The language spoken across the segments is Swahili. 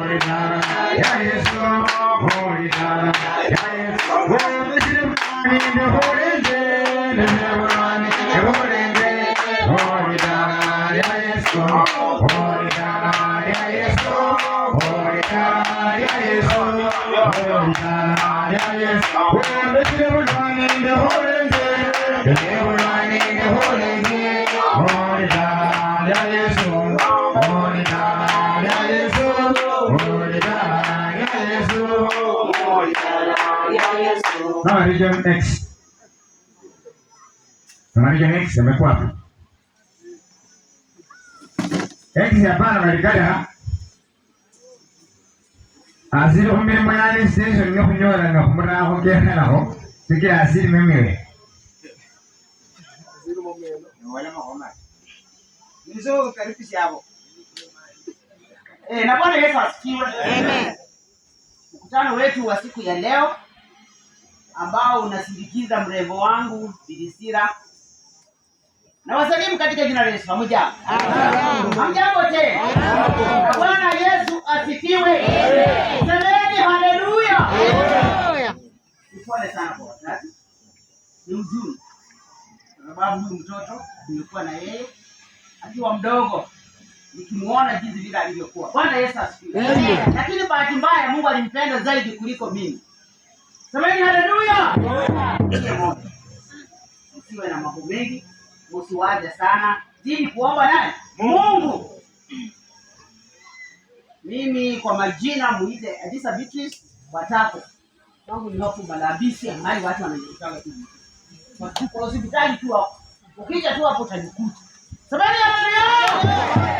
Hosanna, Yeshua, Hosanna, Yeshua. Well, the Jim Rani, the Horizon, the Jim Rani, the Horizon, Hosanna, Yeshua, Hosanna, Yeshua, Hosanna, Yeshua, Hosanna, Yeshua. Well, the Jim Rani, the Horizon, the Jim Rani, the Horizon. na region X na region X yamekuwa hapo X ya bana malikada aziri umire mwanani station nyo kunyora na kumuraho gera naho sigira aziri memiwe aziri momeno wala nizo karibisha hapo eh na Bwana Yesu amen Mkutano wetu wa siku ya leo ambao unasindikiza mrembo wangu Bilisira na wasalimu katika jina la Yesu. Hamjambo? Hamjambo tena. Bwana Yesu asifiwe. Semeni haleluya. Pole sana kwa wazazi, ni huzuni kwa sababu huyu mtoto nilikuwa na yeye akiwa mdogo nikimuona jinsi vile alivyokuwa. Bwana Yesu asifiwe. Amen. Lakini bahati mbaya Mungu alimpenda zaidi kuliko mimi. Semeni haleluya. Usiwe na mambo mengi, usiwaze sana. Jini kuomba naye Mungu. Mimi kwa majina muite Adisa Beatrice Watako. Wangu ni hofu malabisi ambayo watu wanajulikana tu. Kwa hospitali tu hapo. Ukija tu hapo utanikuta. Semeni haleluya.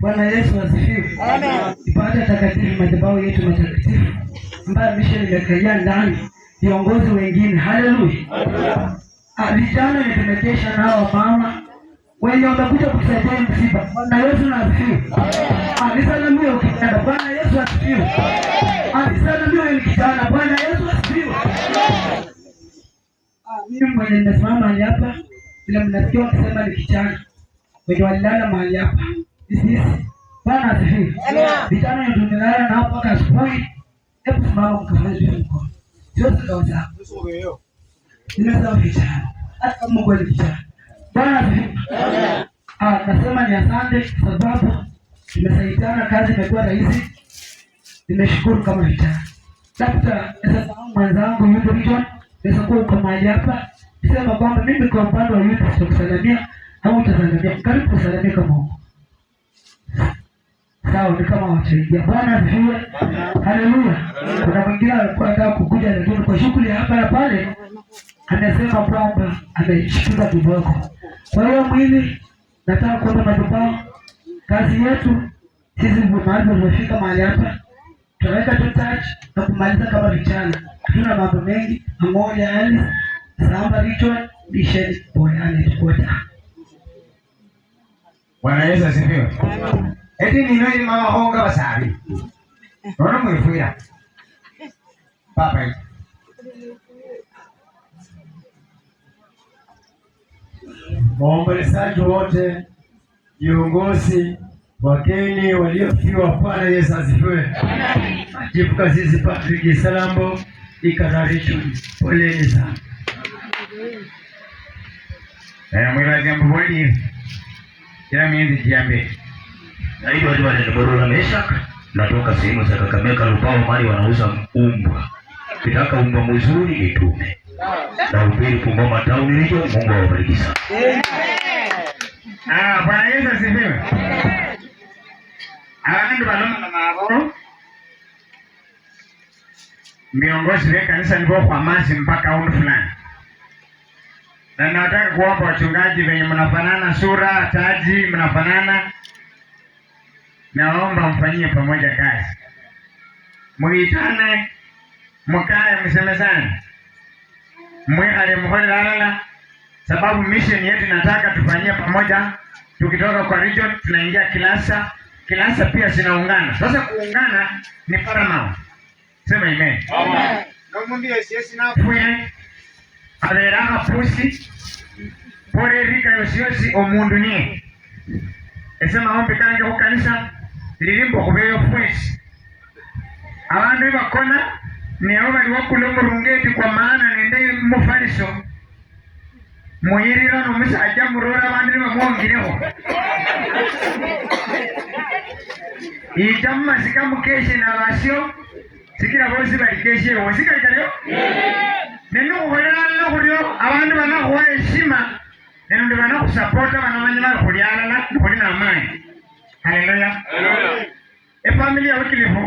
Bwana Yesu asifiwe. Amen. Ipata takatifu madhabahu yetu matakatifu ambayo misheni imekalia ndani viongozi wengine. Haleluya. Ah, vijana nitumekesha nao mama wenye wamekuja kutusaidia msiba. Bwana Yesu na asifiwe. Alisalamia ah, ukijana. Bwana Yesu asifiwe. Amen. Alisalamia ah, ukijana. Bwana Yesu asifiwe. Amen. Mimi mwenye nimesimama hapa bila mnasikia wakisema ni kijana wenye walala mahali hapa Bwana asifiwe. Vijana ndio nilala nao mpaka asubuhi. Hebu nasema ni asante kwa sababu tumesaidiana, kazi imekuwa rahisi. Nimeshukuru kama vijana. Labda sasa mwenzangu yuko Region, naweza kuwa uko mahali hapa. Sema kwamba mimi kwa upande wa YouTube sitakusalimia au utasalimia. Karibu kusalimia kama huko zao ni kama wachangia. Bwana asifiwe, haleluya. Kuna mwingine alikuwa anataka kukuja, lakini kwa shughuli hapa na pale amesema kwamba ameshtuka kiboko. Kwa hiyo mwili, nataka kuomba madubao, kazi yetu sisi mahali tumefika mahali hapa, tunaweka tu touch na kumaliza kama vijana. Hatuna mambo mengi, angoja hali samba vichwa bisheni boyane tukota. Bwana Yesu asifiwe eti eh, nino ili mama basabi nono mwifwira papa waombolezaji wote, viongozi, wageni waliofiwa, Bwana Yesu asifiwe. Machifu Kasisi Patrick Salambo ikanarichu, poleni sana eh, mwira jambo kila mienzi jiambe na hivyo ndivyo niliboromesha natoka sehemu za Kakamega Lupao, mali wanauza umbwa, kitaka umbwa mzuri nitume na ubiri Kungoma town hiyo. Mungu awabariki sana. Ah, Bwana Yesu asifiwe. Abantu baloma na maboro miongozi wa kanisa niko kwa mazi mpaka huko fulani, na nataka kuwapa wachungaji wenye mnafanana sura, taji mnafanana naomba mfanyie pamoja kazi, mwitane, mkae, msemezane, mwihale mholelala, sababu mission yetu nataka tufanyie pamoja. Tukitoka kwa region tunaingia Kilasa, Kilasa pia zinaungana. Sasa kuungana ni paramount. Sema amen. Amen. averaka pusi porerika yosiyosi omundu nie esema ombi kange kukanisa lilimbo khubeyo fwesi abandu ibakona neabo bali wakula omurungeti kwa maana nende mufariso muyirira nomusajja murora abandu nibamwongirekho ija mumasika mukeshe nabasyo sikira bosi balikeshe ewo sikalikalyo nenokhubolela alala khuryo abandu banakhuwa eshima nende banakhusapota banamanya bali khuli khuli namani haleluya efamili yawutilivu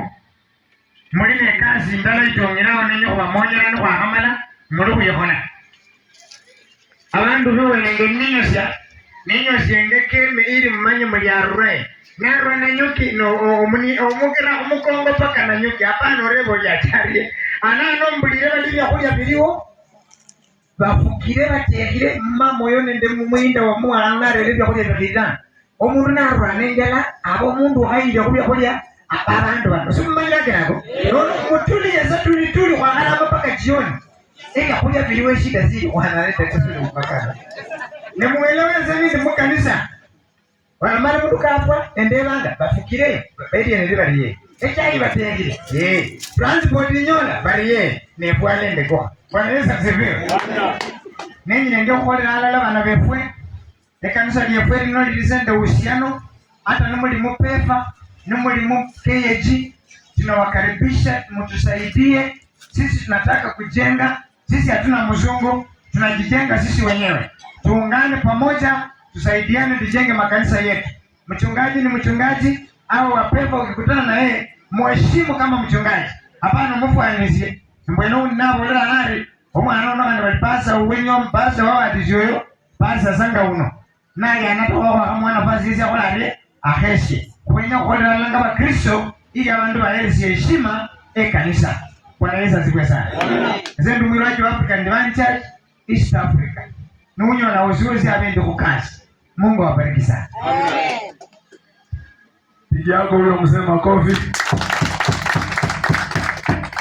muli ne kasi ndala itongelawo nenye khubamonyela nokhwakhamala muli khwikhola abandu bewelenge ninyosya ninyosyenge keme ili mumanye muli arure narura nanyuki omukira khumukongo paka nanyuki apana oreva oli atarye anano mbulire bali byakhulya biliwo bafukire batekhile mmamoyo nende mumwinda wamuwalanga narele byakhulya byakhililana omuntu nalwala n'enjala ab'omuntu ayinja okubyakulya abantu bano simumaliragerako mutuli yaza tuli tuli wakalaba paka jioni ingakuja viliwe shida zii wanaleta tatizo mpakana nimueleweze nini mukanisa wamara mutukapa endelanga bafukire baliye ekyai batengire ye transport nyola baliye nepwalendeko bwanaweza kuseviwa nenyine ndio alala bana befwe ekanisa lyefwe lino lilisenda uhusiano hata nimulimu PEVA nimulimu KAG, tunawakaribisha mtusaidie. Sisi tunataka kujenga, sisi hatuna mzungu, tunajijenga sisi wenyewe. Tuungane pamoja, tusaidiane, tujenge makanisa yetu. Mchungaji ni mchungaji au wapeva, ukikutana na yeye mheshimu kama mchungaji, hapana mufu anizie mbwenu ninavolera ari omwana uno kandi balipasa uwenyo mpasa wawatizoyo pasa sanga uno naye anatoka kwa mwana fazisi akolale aheshe kwenye kukolera langa ili abantu bahereze heshima ekanisa kwanaeza zikwe sana ze ndumwirwaji Africa Divine East Africa nuunyo uzuzi abende kukazi Mungu awabariki sana pigi yako msema kofi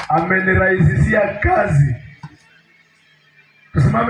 amenirahisishia kazi tusimame